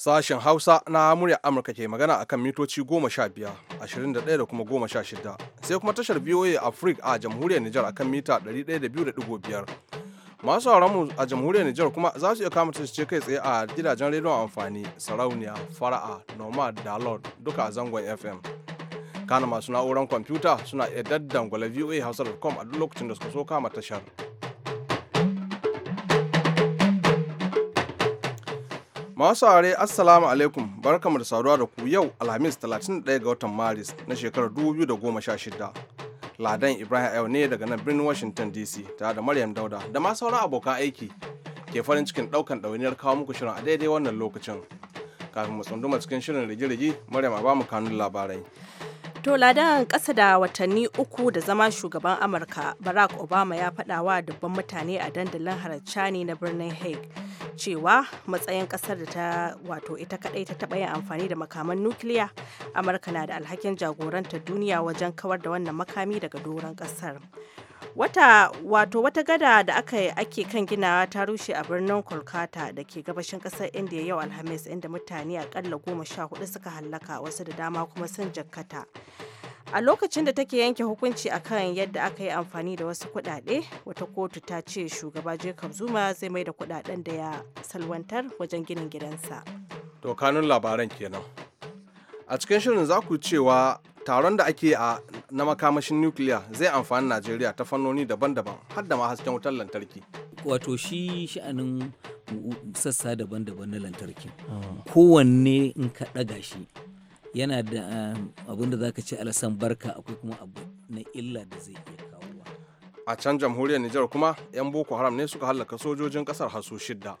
Sashen Hausa na muryar Amurka ke magana akan mitoci goma sha ashirin da da kuma goma sha shida. Sai kuma tashar VOA afrika a jamhuriyar Nijar akan mita ɗari Masu sauran mu a jamhuriyar Nijar kuma za su iya kama ce kai tsaye a gidajen rediyon amfani, sarauniya, fara'a, nomad, dalot duka a zangon FM. Kana masu na'urar kwamfuta suna iya daddangwale voa hausa.com a duk lokacin da suka so kama tashar. Masu aure Assalamu alaikum barkamu da saduwa da ku yau Alhamis 31 ga watan Maris na shekarar 2016. Ladan Ibrahim yau ne daga nan birnin Washington DC tare da Maryam Dauda da ma sauran abokan aiki ke farin cikin daukan ɗauniyar kawo muku shirin a daidai wannan lokacin. Kafin mu tsunduma cikin shirin rigi-rigi, Maryam a ba mu kanun labarai. To ladan ƙasa da watanni uku da zama shugaban Amurka, Barack Obama ya faɗa wa dubban mutane a dandalin Haracani na birnin Hague cewa matsayin ƙasar da ta wato ita kaɗai ta taɓa yin amfani da makaman nukiliya, Amurka na da alhakin jagoranta duniya wajen kawar da wannan makami daga doron ƙasar. wata wato wata gada da aka ake kan ginawa ta rushe a birnin kolkata da ke gabashin kasar india yau alhamis inda mutane akalla goma sha hudu suka hallaka wasu da dama kuma sun jakkata a lokacin da take yanke hukunci a kan yadda aka yi amfani da wasu kudade wata kotu ta ce shugaba jacob zuma zai mai da kudaden da ya salwantar wajen ginin gidansa to kanun labaran kenan a cikin shirin za ku cewa taron da ake a na makamashin nukiliya zai amfani najeriya ta fannoni daban-daban har da ma hasken wutar lantarki wato shi sha'anin sassa daban-daban na lantarki ah. kowanne in ka ɗaga shi yana da ah, abin da zaka ce alasan barka akwai kuma abu na illa da zai iya kawowa a can jamhuriyar nijar kuma 'yan boko haram ne suka hallaka sojojin kasar hasu shidda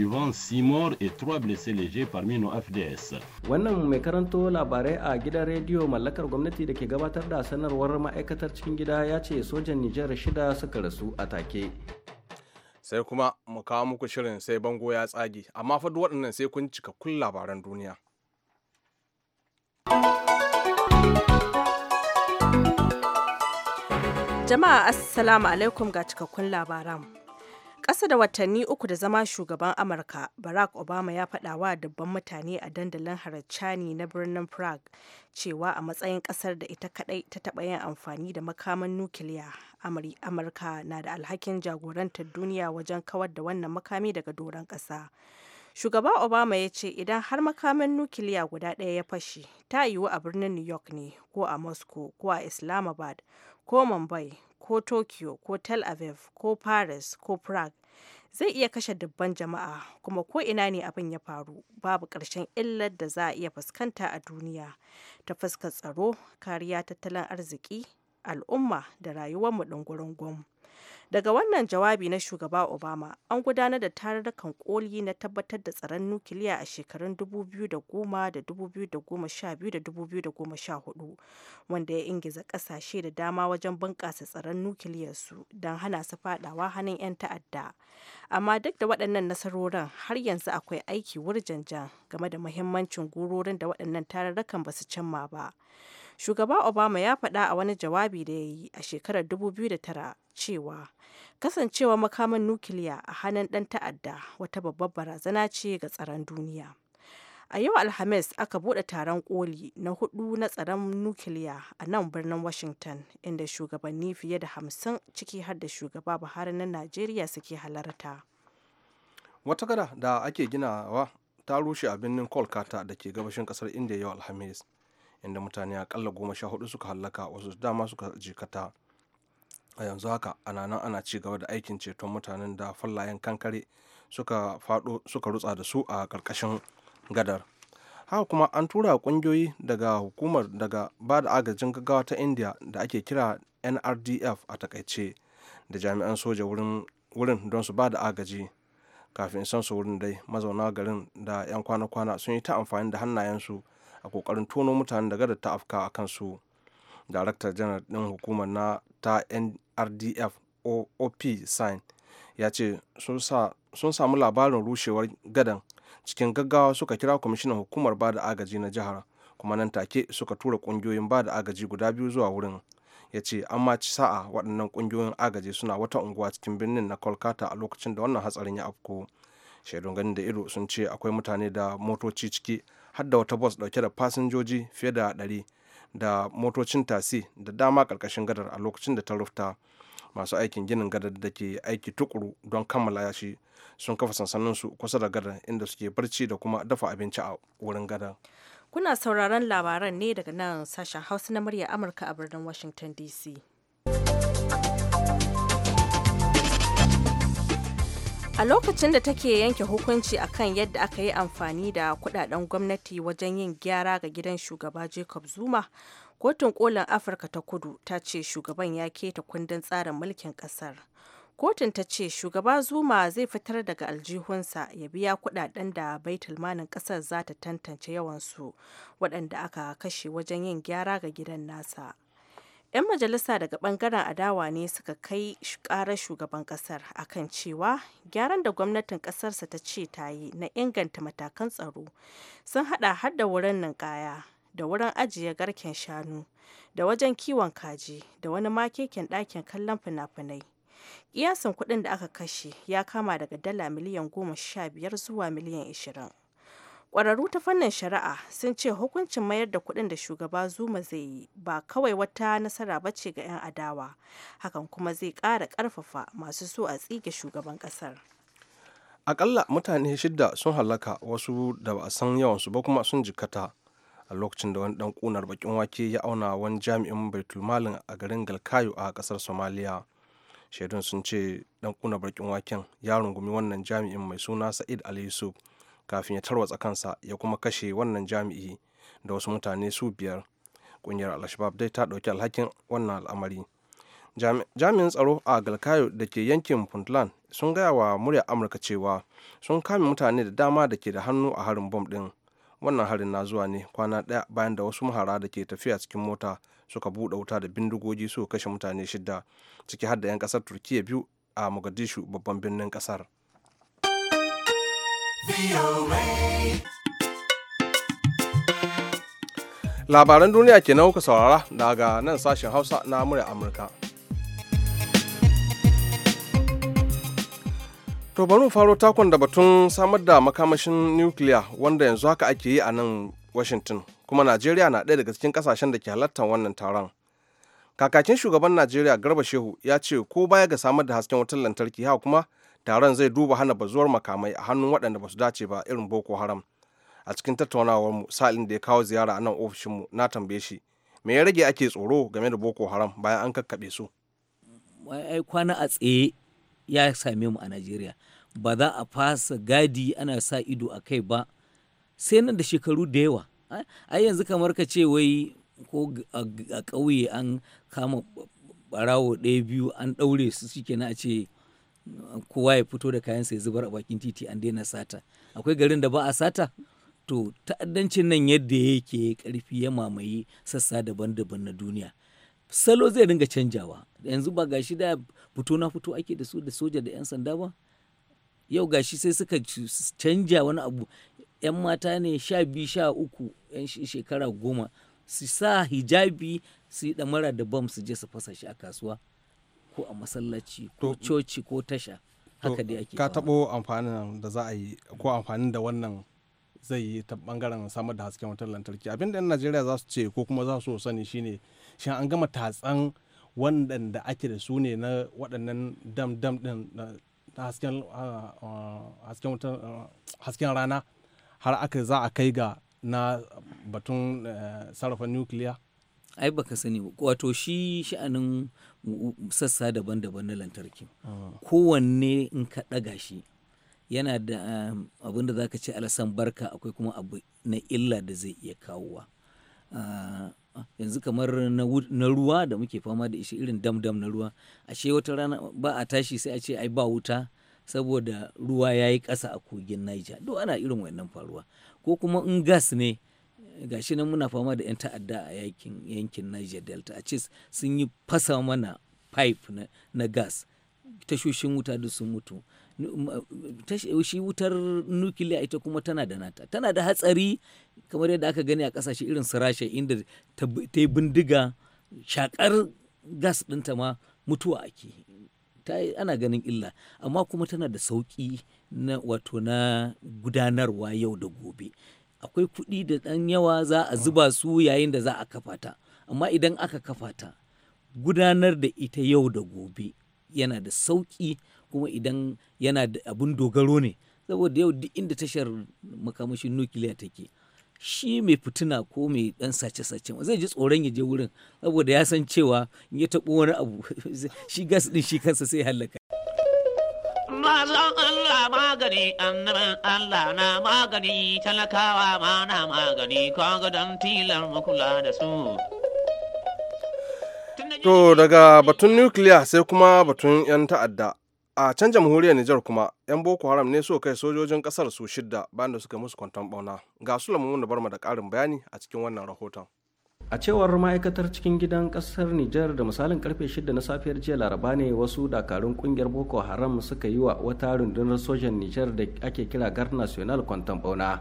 suivant 6 morts et 3 blessés légers parmi nos FDS. Wannan mai karanto labarai a gidan rediyo mallakar gwamnati da ke gabatar da sanarwar ma'aikatar cikin gida ya ce sojan Nijar shida suka rasu a take. Sai kuma mu kawo muku shirin sai bango ya tsage, amma fa duk waɗannan sai kun cika kun labaran duniya. Jama'a Assalamu alaikum ga cikakkun labaran. Ƙasa da watanni uku da zama shugaban Amurka, Barack Obama ya faɗa wa dubban mutane a dandalin Haracani na birnin Prague cewa a matsayin ƙasar da ita kaɗai ta taɓa yin amfani da makaman nukiliya, Amurka na da alhakin jagorantar duniya wajen kawar da wannan makami daga doron ƙasa. Shugaba Obama ya ce idan har makaman nukiliya guda ɗaya ya fashe, ta yiwu a birnin New York ne, ko a Moscow, ko a Islamabad, ko Mumbai, ko Tokyo, ko Tel Aviv, ko Paris, ko Prague. zai iya kashe dubban jama'a kuma ko ina ne abin ya faru babu ƙarshen illar da za a iya fuskanta a duniya ta fuskar tsaro kariya tattalin arziki al'umma da rayuwarmu ɗungurungun daga wannan jawabi na shugaba obama an gudanar da tarurrukan koli na tabbatar da tsaron nukiliya a shekarun 2010 da 2012 2014 wanda ya ingiza kasashe da dama wajen bunƙasa tsaron su don hana su fadawa hannun 'yan ta'adda amma duk da waɗannan nasarorin har yanzu akwai aiki wurjanjan game da mahimmancin gurorin da waɗannan tarurrukan ba su cimma ba Shugaba Obama ya faɗa a wani jawabi da ya yi a shekarar 2009 cewa kasancewa makaman nukiliya a hannun ɗan ta'adda wata babbar barazana ce ga tsaron duniya. A yau Alhamis aka buɗe taron koli na hudu na tsaron nukiliya a nan birnin Washington inda shugabanni fiye da hamsin ciki har da shugaba Buhari na Najeriya suke halarta. Wata gada da ake ginawa ta rushe a birnin Kolkata da ke gabashin kasar India yau Alhamis. inda mutane akalla goma sha hudu suka hallaka wasu dama suka jikata a yanzu haka ana nan ana ci gaba da aikin ceton mutanen da fallayen kankare suka fado suka rutsa da su a karkashin gadar haka kuma an tura kungiyoyi daga hukumar daga ba da agajin gaggawa ta india da ake kira nrdf a takaice da jami'an soja wurin don su ba da agaji kafin san su wurin dai mazauna garin da 'yan kwana-kwana sun yi ta amfani da hannayensu a kokarin tono mutanen da gada ta afka a kansu daraktar janar din hukumar na ta nrdf op sign ya ce sun samu labarin rushewar gadan cikin gaggawa suka kira kwamishinan hukumar ba da agaji na jihar kuma nan take suka tura kungiyoyin ba da agaji guda biyu zuwa wurin ya ce an ma ci sa'a waɗannan kungiyoyin agaji suna wata unguwa cikin birnin na kolkata a lokacin da wannan hatsarin ya afko shaidun ganin da ido sun ce akwai mutane da motoci ciki har da wata bus dauke da fasinjoji fiye da 100 da motocin tasi da dama karkashin gadar a lokacin da ta rufta masu aikin ginin gadar da ke aiki tukuru don kammala shi sun kafa sansaninsu kusa da gadar inda suke barci da kuma dafa abinci a wurin gadar kuna sauraron labaran ne daga nan sashen hausa na murya amurka a birnin washington dc A lokacin da take yanke hukunci a kan yadda aka yi amfani da kudaden gwamnati wajen yin gyara ga gidan shugaba Jacob Zuma, Kotun Kolin Afirka ta Kudu ta ce shugaban ya keta kundin tsarin mulkin kasar. Kotun ta ce shugaba Zuma zai fitar daga aljihunsa ya biya kudaden da baitulmanin kasar za ta tantance yawansu waɗanda aka kashe wajen yin gyara ga gidan nasa. 'Yan majalisa daga bangaren adawa ne suka kai karar shugaban kasar akan cewa gyaran da gwamnatin kasarsa ta ce ta yi na inganta matakan tsaro sun hada har da wurin ninkaya da wurin ajiye garken shanu da wajen kiwon kaji da wani makeken ɗakin kallon fina-finai. Kiyasin kuɗin da aka kashe ya kama daga dala miliyan goma sha biyar zuwa miliyan ashirin. kwararru ta fannin shari'a sun ce hukuncin mayar da kuɗin da shugaba zuma zai yi ba kawai wata nasara ba ce ga 'yan adawa hakan kuma zai ƙara ƙarfafa masu so a tsige shugaban ƙasar akalla mutane shida sun halaka wasu da ba a san yawansu ba kuma sun jikata a lokacin da wani dan kunar bakin wake ya auna wani jami'in baitulmalin a garin galkayo a kasar somaliya shaidun sun ce dan kunar bakin waken ya rungumi wannan jami'in mai suna sa'id ali yusuf kafin ya tarwatsa kansa ya kuma kashe wannan jami'i da wasu mutane su biyar kungiyar al dai ta ɗauki alhakin wannan al'amari jami'in tsaro a galkayo da ke yankin puntland sun gaya wa murya amurka cewa sun kame mutane da dama da ke da hannu a harin bom ɗin wannan harin na zuwa ne kwana ɗaya bayan da wasu mahara da ke tafiya cikin mota suka buɗe wuta da bindigogi su kashe mutane shidda ciki har da 'yan ƙasar turkiyya biyu a mogadishu babban birnin ƙasar Labaran duniya kenan kuka saurara daga nan sashen Hausa na murya Amurka. To bari faro takon da batun samar da makamashin nukiliya wanda yanzu haka ake yi a nan Washington, kuma Najeriya na ɗaya daga cikin ƙasashen da ke halartar wannan taron. Kakakin shugaban Najeriya Garba Shehu ya ce ko baya ga samar da hasken wutar lantarki haka kuma taron zai duba hana bazuwar makamai a hannun waɗanda ba su dace ba irin boko haram a cikin tattaunawar mu sa'ilin da ya kawo ziyara a nan ofishinmu na tambaye shi me ya rage ake tsoro game da boko haram bayan an kakkaɓe su ai kwana a tsaye ya same mu a najeriya ba za a fasa gadi ana sa ido a kai ba sai nan da shekaru da yawa ai yanzu kamar ka ce wai ko a ƙauye an kama barawo ɗaya biyu an ɗaure su shikenan a ce kowa ya fito da kayansa ya zubar a bakin titi an daina sata akwai garin da ba a sata to ta'addancin nan yadda yake karfi ya mamaye sassa daban-daban na duniya salo zai ringa canjawa yanzu ba gashi da fito na fito ake da su da soja da 'yan sanda ba yau gashi sai suka canja wani abu 'yan mata ne sha biyu sha uku 'yan shekara goma su sa hijabi su yi damara da bam su je su fasa shi a kasuwa ko a masallaci ko coci ko tasha haka da yake ka taɓo amfanin da za a yi ko amfanin da wannan zai yi ta bangaren samar da hasken wutar lantarki abinda 'yan najeriya za su ce ko kuma za su sani shine shin an gama tatsan waɗanda ake da su ne na waɗannan dam dam din hasken rana har aka za a kai ga na batun eh, sarrafa nukiliya ai baka sani wato shi sha'anin sassa daban-daban na lantarki ah. kowanne in ka ɗaga shi yana da um, abin da za ka ce alasan barka akwai kuma abu na illa da zai iya kawowa ah, yanzu kamar na ruwa da muke fama da ishe irin dam-dam na ruwa ashe wata rana ba a tashi sai a ce ai ba wuta saboda ruwa ya yi ƙasa a kogin Niger duk ana irin wannan faruwa ko kuma in gas ne Ga shi nan muna fama da 'yan ta'adda a yakin yankin niger delta a cis sun yi fasa mana pipe na, gas tashoshin wuta duk sun mutu shi wutar nukiliya ita kuma tana da nata tana da hatsari kamar yadda aka gani a kasashe irin su rasha inda ta yi bindiga shakar gas ɗinta ma mutuwa ake ana ganin illa amma kuma tana da sauƙi na wato na gudanarwa yau da gobe akwai kuɗi da ɗan yawa za a zuba su yayin da za a kafa ta amma idan aka kafa ta gudanar da ita yau da gobe yana da sauƙi kuma idan yana da abin dogaro ne saboda yau duk inda tashar makamashin nukiliya take shi mai fituna ko mai dan sace-sace zai ji tsoron ya je wurin saboda ya san cewa in ya taɓo wani abu shi gas din shi kansa sai halaka Mazan Allah magani, annabin Allah na magani, talakawa ma na magani, kaga don tilar makula da su. To daga batun nukiliya sai kuma batun 'yan ta'adda. A can jamhuriyar Nijar kuma, 'yan Boko Haram ne so kai sojojin kasar su shidda bayan da suka musu kwanton bauna. Ga lamun da barma da ƙarin bayani a cikin wannan rahoton. a cewar ma'aikatar cikin gidan kasar nijar da misalin karfe 6 na safiyar jiya laraba ne wasu dakarun kungiyar boko haram suka yi wa wata rundunar sojan nijar da ake kira gar national kwanton bauna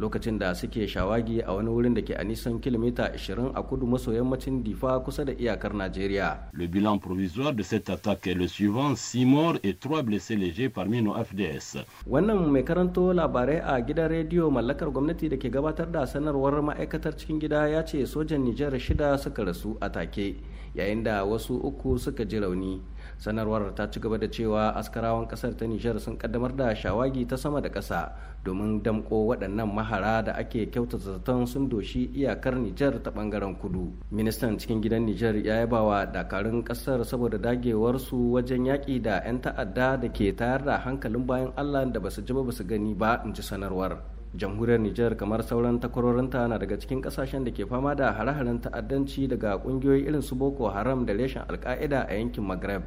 lokacin da suke shawagi a wani wurin da ke a nisan kilomita 20 a kudu maso yammacin difa kusa da iyakar najeriya le bilan provisoire de cette attaque est le suivant six morts et trois blessés légers parmi nos fds wannan mai karanto labarai a gidan rediyo mallakar gwamnati da ke gabatar da sanarwar ma'aikatar cikin gida ya ce sojan nijar shida suka rasu a take yayin da wasu uku suka ji rauni sanarwar ta ci gaba da cewa askarawan kasar ta nijar sun kaddamar da shawagi ta sama da ƙasa domin damko waɗannan mahara da ake kyautata zaton sun doshi iyakar nijar ta ɓangaren kudu ministan cikin gidan nijar ya yaba wa dakarun ƙasar saboda dagewarsu wajen yaƙi da 'yan ta'adda da ke tayar da hankalin bayan allah da basu ji ba basu gani ba in ji sanarwar jamhuriyar Nijar kamar sauran takwarorinta na daga cikin kasashen da ke fama da hare-haren ta'addanci daga kungiyoyi irin su Boko Haram da reshen Alka'ida a yankin Maghreb.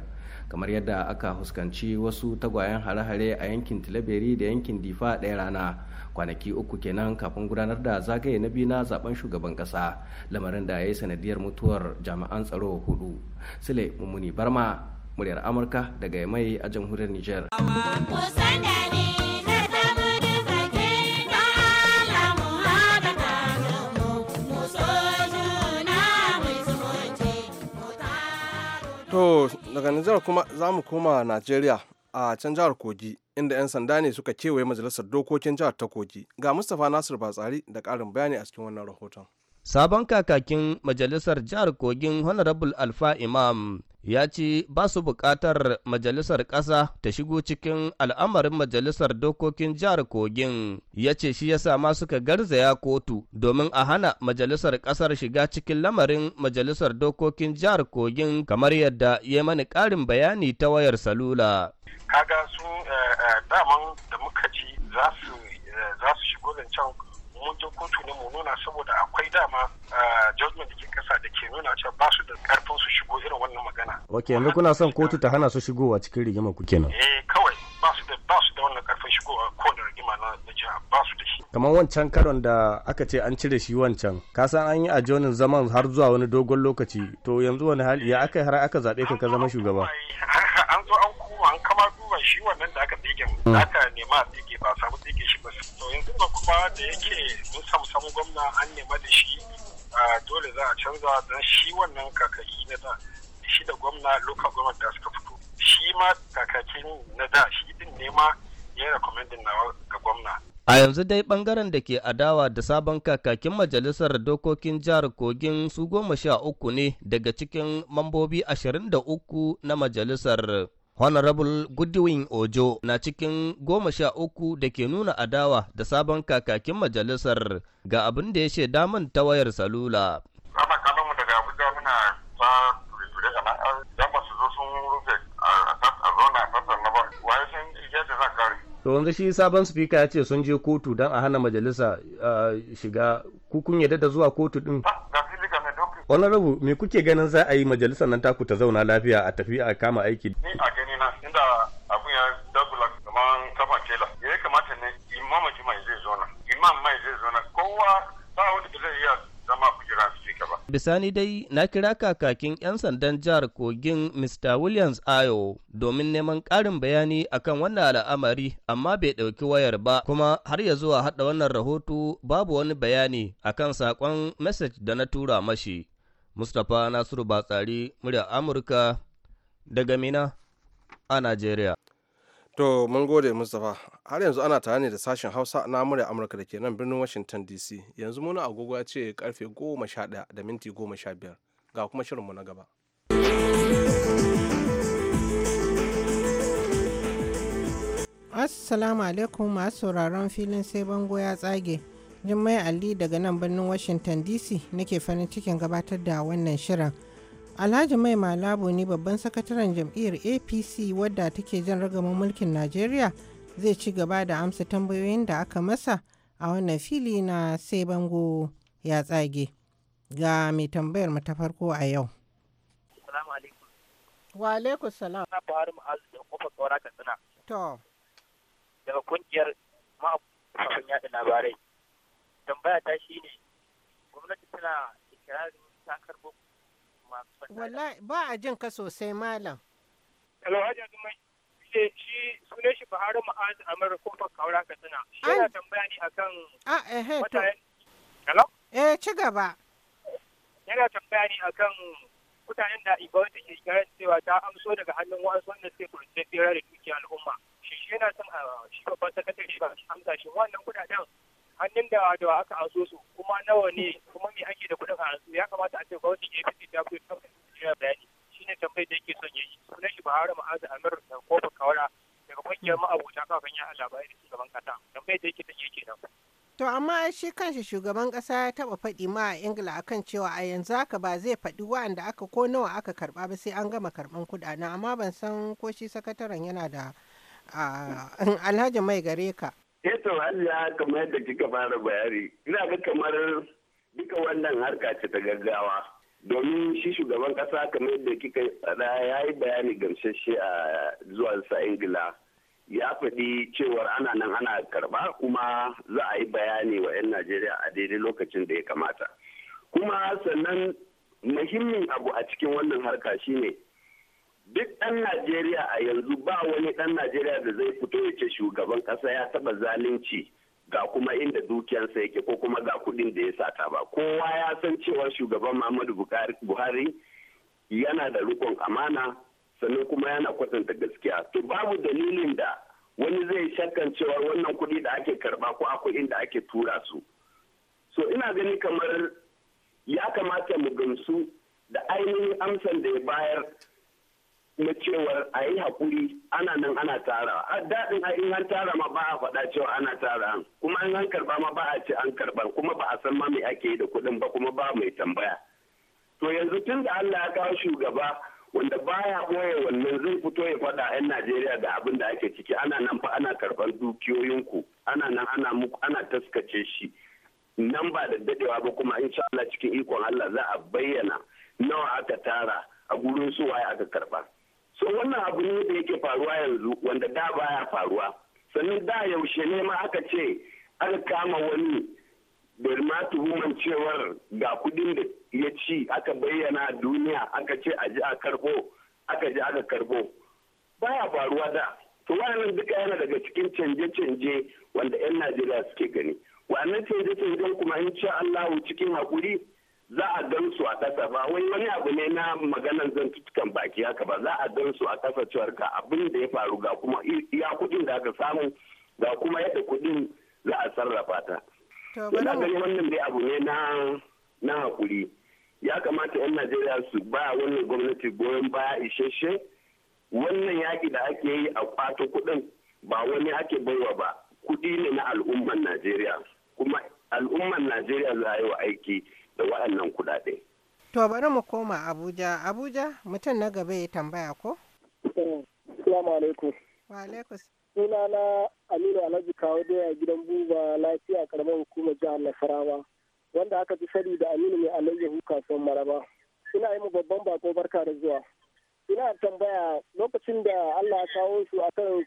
kamar yadda aka huskanci wasu tagwayen hare-hare a yankin tilaberi da yankin difa ɗaya rana kwanaki uku kenan kafin gudanar da zagaye na biyu na zaben shugaban ƙasa lamarin da ya yi sanadiyar mutuwar jami'an tsaro hudu sile mummuni barma muryar amurka daga mai a jamhuriyar niger daga Nijar kuma za mu koma Najeriya a can jihar Kogi inda 'yan sanda ne suka kewaye majalisar dokokin jihar ta Kogi. Ga Mustapha Nasir Batsari da ƙarin bayani a cikin wannan rahoton. Sabon kakakin Majalisar Jihar Kogin Honorable Alfa Imam ya ce ba su buƙatar Majalisar ƙasa ta shigo cikin al'amarin Majalisar Dokokin Jihar Kogin, ya ce shi ya sama suka garzaya kotu domin a hana Majalisar ƙasar shiga cikin lamarin Majalisar Dokokin Jihar Kogin kamar yadda ya mani ƙarin bayani ta wayar salula. Kaga su eh, eh, daman da muka ji eh, za su shigo zancen mun je kotu ne mu nuna saboda akwai dama judgment jikin kasa da ke nuna cewa ba su da karfin su shigo irin wannan magana. Ok yanzu kuna son kotu ta hana su shigowa cikin rigima ku kenan. Eh kawai ba su da ba su da wannan karfin shigowa ko da rigima na jiha ba su da shi. Kamar wancan karon da aka ce an cire shi wancan ka san an yi a jonin zaman har zuwa wani dogon lokaci to yanzu wani hali ya aka har aka zaɓe ka ka zama shugaba. shi wannan da aka tsige da mm. aka nema a tsige ba samu tsige shi ba to yanzu ma kuma da yake mun samu samu gwamna an nema da shi dole za a canza don shi wannan kakaki na da shi da gwamna local government da suka fito shi ma kakakin na da shi din nema ya recommendin nawa ga gwamna A yanzu dai bangaren da ke adawa da sabon kakakin majalisar dokokin jihar Kogin su goma sha uku ne daga cikin mambobi ashirin da uku na majalisar. Honorable Goodwin Ojo na cikin goma sha uku da ke nuna adawa da sabon kakakin majalisar ga abin da ya ce min ta wayar salula. Ana kallon mu daga Abuja muna ta ture a nan yan ba su zo sun rufe a zona a tattar na ba waye sun yadda za kare. To wanzu shi sabon spika ya ce sun je kotu don a hana majalisa shiga kukun yadda da zuwa kotu din. Ba, ah, rabu me kuke ganin za a yi majalisar nan taku ta zauna lafiya a tafi a kama aiki ni a gani na inda abun ya dagula kaman kafa kela ya kamata ne imam mai zai zauna imam mai zai na kowa ba wani da zai iya zama kujera su ba bisani dai na kira kakakin yan sandan jihar kogin mr williams ayo domin neman ƙarin bayani akan wannan al'amari amma bai ɗauki wayar ba kuma har ya zuwa haɗa wannan rahoto babu wani bayani akan saƙon message da na tura mashi Mustapha Nasiru Batsari, murya Amurka daga Mina a Najeriya. To, mun gode Mustapha. Har yanzu ana tare ne da sashen Hausa na murya Amurka da ke nan birnin Washington DC. Yanzu muna agogo ya ce karfe goma sha ɗaya da minti goma sha biyar. Ga kuma shirinmu na gaba. Assalamu alaikum masu sauraron filin sai bango ya tsage. Jummai Ali daga nan birnin Washington DC nake farin cikin gabatar da wannan shirin. Alhaji Mai Malabo ne babban sakataren jam'iyyar APC wadda take jan ragaman mulkin Najeriya zai ci gaba da amsa tambayoyin da aka masa a wannan fili na sai bango ya tsage. Ga mai tambayar mu ta farko a yau. Wa alaikum salam. Na Buhari Ma'azu da kofar Katsina. Daga kungiyar ma'aikatan yaɗa labarai. tambaya ta shi ne gwamnati tana ikirarin sakar boko masu wallahi ba a jin ka sosai malam alhaji azumai ce shi sune shi Buhari Ma'az Amir Kofar Kaura Katsina shi yana tambaya ne akan a ah, eh mutayen hello eh ci gaba yana tambaya ne akan mutanen da Igbo ta ke kiran cewa ta amso daga hannun wasu wanda sai kurce fira da dukiyar al'umma shi shi yana son ah, shi babban sakatare ba amsa shi wannan kudaden hannun da da aka aso su kuma nawa ne kuma me ake da kuɗin a ya kamata a ce gwamnatin APC ta fito ta fito bayani ne tambayi da yake son yi sunan shi Buhari Ma'azu Amir da Kofar Kawara daga kungiyar ma'abota kafin ya labarai da shugaban kasa tambayi da yake son yi kenan. To amma shi kanshi shugaban kasa ya taba faɗi ma a Ingila akan cewa a yanzu haka ba zai faɗi wa'anda aka ko nawa aka karba ba sai an gama karban kuɗaɗen amma ban san ko shi sakataren yana da ah, Alhaji mai gare ka. Eto eh Allah kamar yadda kika fara bayani, ina ga kamar duka wannan harka ce ta gaggawa. Domin shi shugaban kasa kamar yadda kika faɗa ya yi bayani gamsasshe a zuwa sa Ingila. Ya faɗi cewar ana nan ana karɓa kuma za a yi bayani wa 'yan Najeriya a daidai lokacin da ya kamata. Kuma sannan muhimmin abu a cikin wannan harka shine duk ɗan najeriya a yanzu ba wani ɗan najeriya da zai fito ya ce shugaban ƙasa ya taɓa zalunci ga kuma inda dukiyansa yake ko kuma ga kuɗin da ya sata ba kowa ya san cewa shugaban muhammadu buhari yana da rikon amana sannan kuma yana kwatanta gaskiya to babu dalilin da wani zai shakkan cewa wannan kuɗi da ake karba ko akwai inda ake tura su so ina gani kamar ya kamata mu gamsu da ainihin amsan da ya bayar na cewar a yi haƙuri ana nan ana tara a daɗin a in an tara ma ba a faɗa cewa ana tara an kuma in an karɓa ma ba a ce an karɓa kuma ba a san ma me ake yi da kuɗin ba kuma ba mai tambaya to yanzu tun da Allah ya kawo shugaba wanda baya boye wannan zai fito ya faɗa 'yan Najeriya da abin da ake ciki ana nan fa ana karɓar dukiyoyinku ana nan ana muku ana taskace shi nan ba da dadewa ba kuma insha Allah cikin ikon Allah za a bayyana nawa aka tara a gurin su waye aka karɓa so wannan abu ne da yake faruwa yanzu wanda da baya faruwa sannan da yaushe ne ma aka ce an kama wani da ma tuhuman cewar ga kudin da ya ci aka bayyana duniya aka ce a ji a karbo aka ji aka karbo baya faruwa da to wannan duka yana daga cikin canje-canje wanda 'yan najeriya suke gani wannan canje-canjen kuma in sha allahu cikin haƙuri za a gan su a ƙasa ba wai wani abu ne na maganan zantutukan baki haka ba za a gan su a ƙasa cewar ga abin da ya faru ga kuma iya kudin da aka samu ga kuma yadda kudin za a sarrafa ta. Ina gani wannan dai abu ne na na hakuri ya kamata 'yan Najeriya su ba wannan gwamnati goyon baya isasshe wannan yaƙi da ake yi a kwato kudin ba wani ake baiwa ba kuɗi ne na al'umman Najeriya kuma al'umman Najeriya za a yi wa aiki. da waɗannan kuɗaɗe. To bari mu koma Abuja. Abuja mutum na gaba ya tambaya ko? Assalamu alaikum. Wa alaikum. Suna na Aminu Alhaji kawo doya gidan buba lafiya karamar hukumar jihar Nasarawa wanda aka fi sani da Aminu mai alayyahu kasuwar Maraba. ina yi mu babban bako barka da zuwa. Ina tambaya lokacin da Allah ya kawo su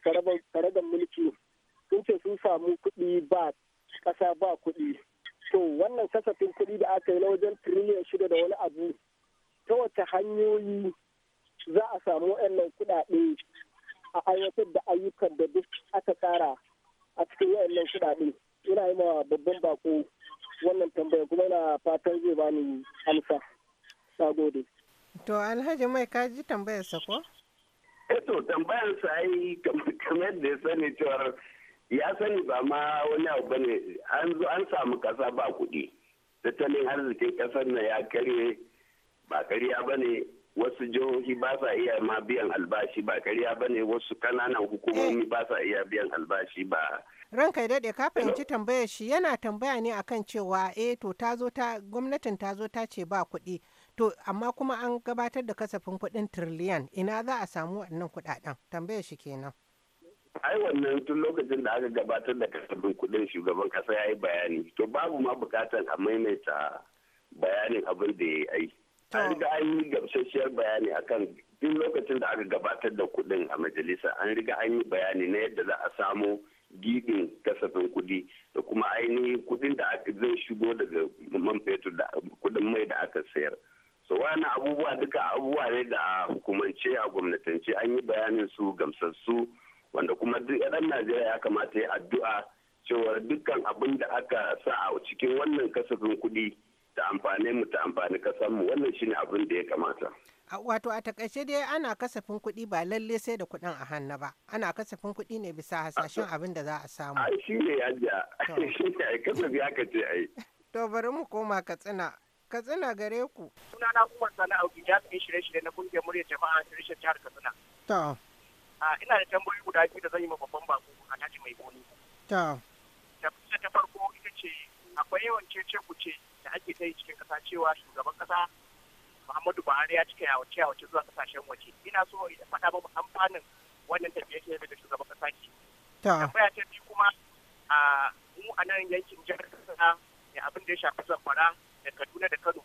karabar karagar mulki sun ce sun samu kuɗi ba ƙasa ba kuɗi. to wannan kasafin kuɗi da aka yi na wajen tiriliyan shida da wani abu ta wace hanyoyi za a samu waɗannan kuɗaɗe a aiwatar da ayyukan da duk aka tsara a cikin waɗannan kuɗaɗe ina yi ma babban bako wannan tambaya kuma ina fatan zai bani amsa na gode to alhaji mai ka ji tambayarsa ko eto eh, tambayarsa ai kamar da ya sani cewar ya sani ba ma wani abu bane an an samu kasa ba kuɗi tattalin arzikin ƙasar na ya karye ba karya ne wasu jihohi ba sa iya ma biyan albashi ba karya ne wasu kananan hukumomi ba sa iya biyan albashi ba ranka ya daɗe ka fahimci tambayar shi yana tambaya ne akan cewa eh to ta zo ta gwamnatin ta zo ta ce ba kuɗi to amma kuma an gabatar da kasafin kuɗin tiriliyan ina za a samu wannan kuɗaɗen tambayar shi kenan ai wannan tun lokacin da aka gabatar da kasafin kudin shugaban kasa ya yi bayani to babu ma bukatar a maimaita bayanin abin da ya yi an riga an yi gamsasshiyar bayani akan duk lokacin da aka gabatar da kudin a majalisa an riga an yi bayani na yadda za a samo gibin kasafin kudi da kuma ainihin kudin da zai shigo daga man fetur da kudin mai da aka sayar so wani abubuwa duka abubuwa ne da a hukumance a gwamnatance an yi bayanin su gamsassu wanda kuma duk ɗan najeriya ya kamata ya addu'a cewa dukkan abin da aka sa a cikin wannan kasafin kuɗi ta amfane mu ta amfani mu wannan shine abin da ya kamata wato a takaice dai ana kasafin kuɗi ba lalle sai da kuɗin a hannu ba ana kasafin kuɗi ne bisa hasashen abin da za a samu ya shine yadda ne ai kasafi aka ce ai to bari mu koma katsina katsina gare ku sunana umar sana'a ya shirye-shirye na kungiyar muryar jama'a shirye-shirye jihar katsina to Ah, ina da tambayoyi guda biyu da zan yi ma babban bako a daji mai goni. Ta. Tabbata ta farko ita ce akwai yawan cece kuce da ake ta yi cikin kasa cewa shugaban kasa Muhammadu Buhari ya cika yawace yawace zuwa kasashen waje. Ina so ya faɗa ba amfanin wannan tafiye tafiye da shugaban kasa ke. Ta. Tambaya ta biyu kuma a mu a nan yankin jihar Katsina da abin da ya shafi Zamfara da Kaduna da Kano.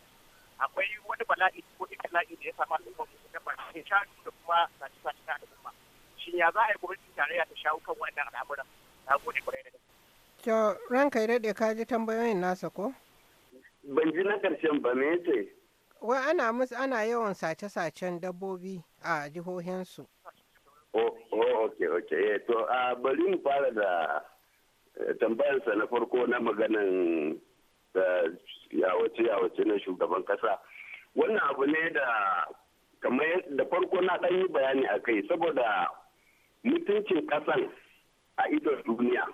Akwai wani bala'i ko ikila'i da ya samu al'umma da ba shanu da kuma sace-sace na al'umma. shin ya za a yi gwamnatin tarayya ta shawo kan wannan al'amuran na gode kwarai da gaske. to ranka ya daɗe ka ji tambayoyin nasa ko. ban ji na ƙarshen ba me ce? wai ana musu ana yawan sace-sacen dabbobi a jihohinsu. Oh, oh ok, ok. Eh, to, a bari mu fara da eh, tambayarsa na farko na maganan yawace-yawace eh, na shugaban kasa. Wannan abu ne da kamar da farko na ɗan yi bayani a kai saboda mutuncin kasan a idon duniya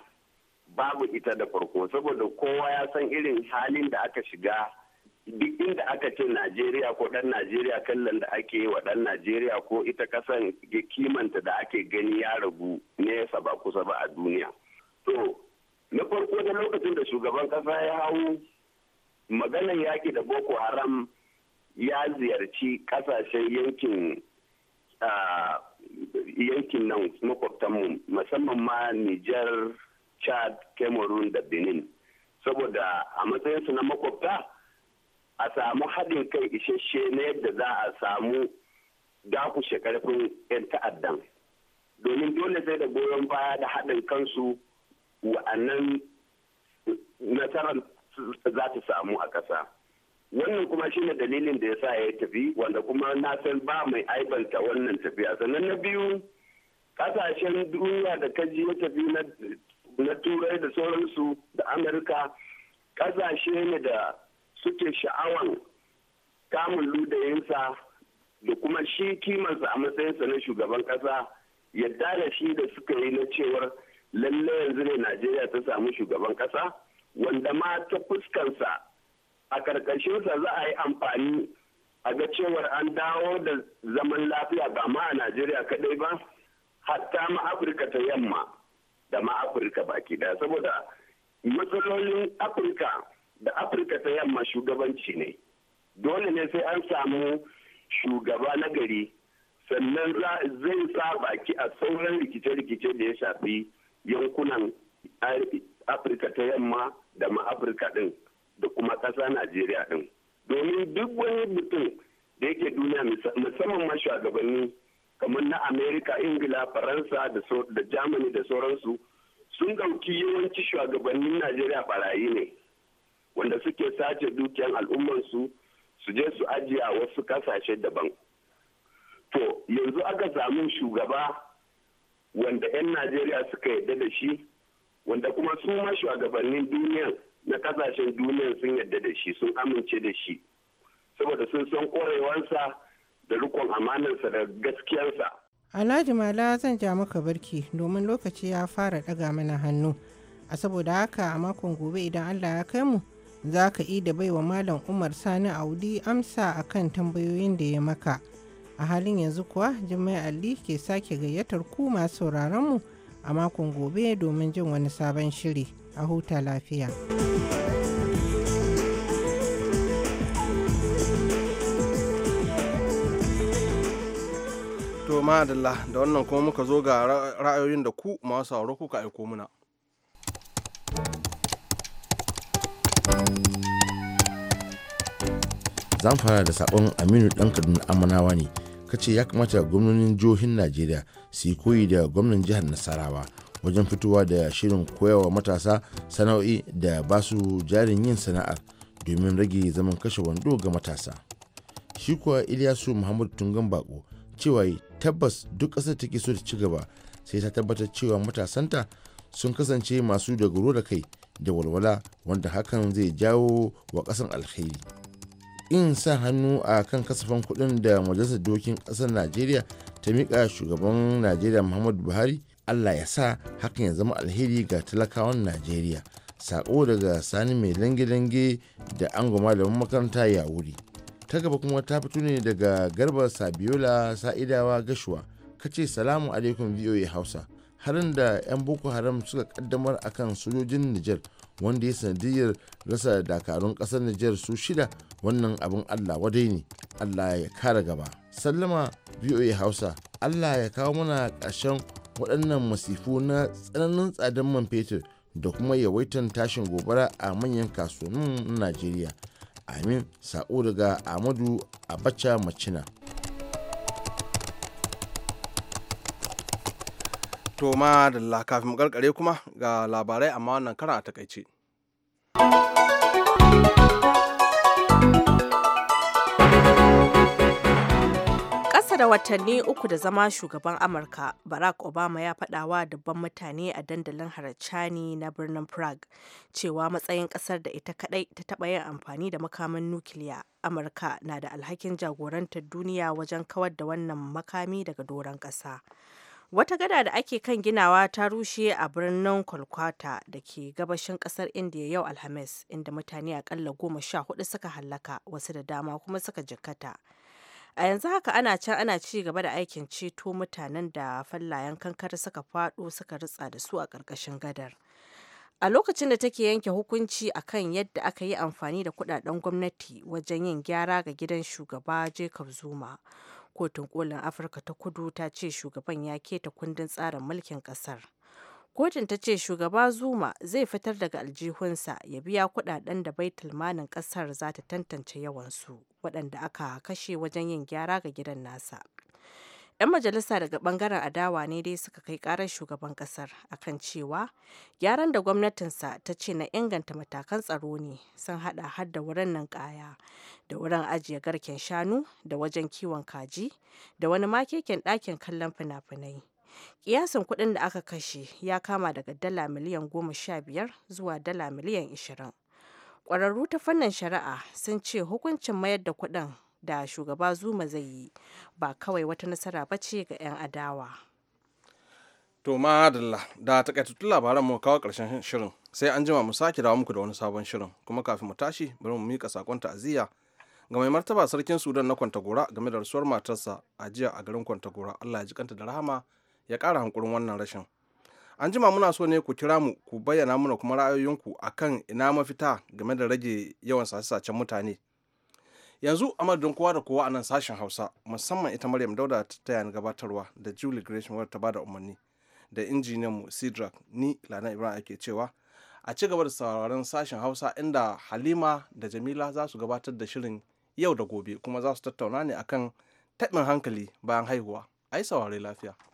babu ita da farko saboda kowa ya san irin halin da aka shiga duk inda aka ce najeriya ko dan najeriya kallon da ake wa dan najeriya ko ita kasan kimanta da ake gani ya ragu nesa ba kusa ba a duniya to na farko da lokacin da shugaban kasa ya hau maganan yaki da boko haram ya ziyarci kasashen yankin ah, yankin nan mu musamman ma Nijar, Chad, Cameroon da Benin. Saboda a matsayinsu na makwabta a samu haɗin kai isasshe na yadda za a samu dakushe karfin 'yan ta'addan. Domin dole sai da goyon baya da haɗin kansu wa'annan nasarar za ta samu a ƙasa. wannan kuma shi ne dalilin da ya sa ya tafi wanda kuma na san ba mai aibanta wannan tafiya sannan na biyu kasashen duniya da kaji ya tafi na turai da sauransu da amurka kasashe ne da suke sha'awan kamun ludayinsa da kuma shi kimansa a matsayinsa na shugaban kasa yadda da shi da suka yi na cewar lalle yanzu ne najeriya ta samu shugaban kasa wanda ma ta fuskansa a ƙarƙashinsa za a yi amfani a ga cewar an dawo da zaman lafiya ba ma a najeriya kaɗai ba hatta ma afirka ta yamma da ma afirka baki ɗaya saboda matsalolin afirka da afirka ta yamma shugabanci ne dole ne sai an samu shugaba na gari sannan zai sa baki a sauran rikice-rikice da ya shafi yankunan afirka ta yamma da ma afirka ɗin da kuma ƙasa najeriya ɗin domin duk wani mutum da yake duniya musamman ma shugabanni kamar na amerika ingila faransa da germany da sauransu sun ɗauki yawanci shugabannin najeriya barayi ne wanda suke sace dukiyan al'ummarsu su je su ajiye a wasu kasashe daban to yanzu aka samu shugaba wanda 'yan najeriya suka yarda da shi wanda kuma su ma shugabannin duniyan na kasashen duniya sun yarda da shi sun amince da shi saboda sun san ƙwarewarsa da rikon amanarsa da gaskiyarsa. Alhaji Mala zan ja maka barki domin lokaci ya fara ɗaga mana hannu. A saboda haka a makon gobe idan Allah ya kai mu za ka yi da baiwa Malam Umar Sani Audi amsa a kan tambayoyin da ya maka. A halin yanzu kuwa jima'i Ali ke sake gayyatar ku masu sauraron mu. a makon gobe domin jin wani sabon shiri a huta lafiya. To da wannan kuma muka zo ga ra'ayoyin da ku masu sauro kuka aiko muna. Zan fara da sabon Aminu ɗan Kaduna Amanawa ne. ce ya kamata gwamnonin jihohin najeriya su yi koyi da gwamnan jihar nasarawa wajen fitowa da shirin koyawa matasa sana'o'i da ba su jarin yin sana'ar domin rage zaman kashe wando ga matasa shi kuwa iliyasu muhammadu tungan bako cewa tabbas duk ƙasar take so ta ci gaba sai ta tabbatar cewa matasanta sun kasance masu dogaro da kai da walwala wanda hakan zai jawo wa ƙasan alheri in sa hannu a kan kasafin kudin da majalisar dokin ƙasar najeriya ta miƙa shugaban najeriya muhammadu buhari allah ya sa hakan ya zama alheri ga talakawan najeriya saƙo daga sani mai lange-lange da goma malamin makaranta ya wuri ta gaba kuma ta fito ne daga garba sabiola sa'idawa gashuwa kace salamu alaikum voa hausa harin da 'yan boko haram suka kaddamar akan sojojin nijar. wanda ya sanadiyar rasa dakarun kasar Nijar su shida wannan abin Allah wadai ne Allah ya kara gaba sallama VOA Hausa Allah ya kawo mana ƙarshen waɗannan masifu na tsananin tsadar man fetur da kuma yawaitan tashin gobara a manyan kasuwannin Najeriya amin sa'o daga Amadu Abacha Macina To ma da kafin karkare kuma ga labarai amma wannan karan a takaice. Ƙasa da watanni uku da zama shugaban Amurka, Barack Obama ya faɗawa dubban mutane a dandalin harachani na birnin Prague cewa matsayin kasar da ita kadai ta taba yin amfani da makamin nukiliya. Amurka na da alhakin jagorantar duniya wajen kawar da wannan makami daga doron kasa. Wata gada da ake kan ginawa ta rushe a birnin Kolkata da ke gabashin kasar Indiya yau Alhamis, inda mutane akalla goma sha hudu suka hallaka wasu da dama kuma suka jikkata. A yanzu haka ana can ana ci gaba da aikin ceto mutanen da fallayen kankare suka fado suka ritsa da su a ƙarƙashin gadar. A lokacin da take yanke hukunci a kan yadda aka yi amfani da kudaden gwamnati wajen yin gyara ga gidan shugaba Jacob Zuma, kotun kolin afirka ta kudu ta ce shugaban ya keta kundin tsarin mulkin kasar kotun ta ce shugaba zuma zai fitar daga aljihunsa ya biya kudaden da bai talmanin kasar za ta tantance yawansu waɗanda aka kashe wajen yin gyara ga gidan nasa 'Yan majalisa daga bangaren adawa ne dai suka kai karar shugaban kasar kan cewa gyaran da gwamnatinsa ta ce na inganta matakan tsaro ne sun hada har da wurin nan kaya da wurin ajiye garken shanu da wajen kiwon kaji da wani makeken ɗakin kallon fina-finai. Kiyasin kuɗin da aka kashe ya kama daga dala miliyan goma sha biyar zuwa dala miliyan ishirin. Ƙwararru ta fannin shari'a sun ce hukuncin mayar da kuɗin da shugaba zuma zai yi ba kawai wata nasara ba ce ga 'yan adawa to madalla da takaitattun labaran mu kawo karshen shirin sai an jima mu sake dawo muku da wani sabon shirin kuma kafin mu tashi bari mu mika sakon ta'aziyya ga mai martaba sarkin sudan na kwantagora game da rasuwar matarsa a jiya a garin kwantagora allah ya ji kanta da rahama ya kara hankurin wannan rashin an jima muna so ne ku kira mu ku bayyana mana kuma ra'ayoyinku akan ina mafita game da rage yawan sace-sacen mutane yanzu a madadin kowa da kowa a nan sashen hausa musamman ita maryam dauda ta taya gabatarwa da julie gresham wadda ta bada umarni da injiniyan mu sidrak ni lana ibrahim ake cewa a ci gaba da sauraron sashen hausa inda halima da jamila za su gabatar da shirin yau da gobe kuma za su tattauna ne akan taɓin hankali bayan haihuwa yi saurari lafiya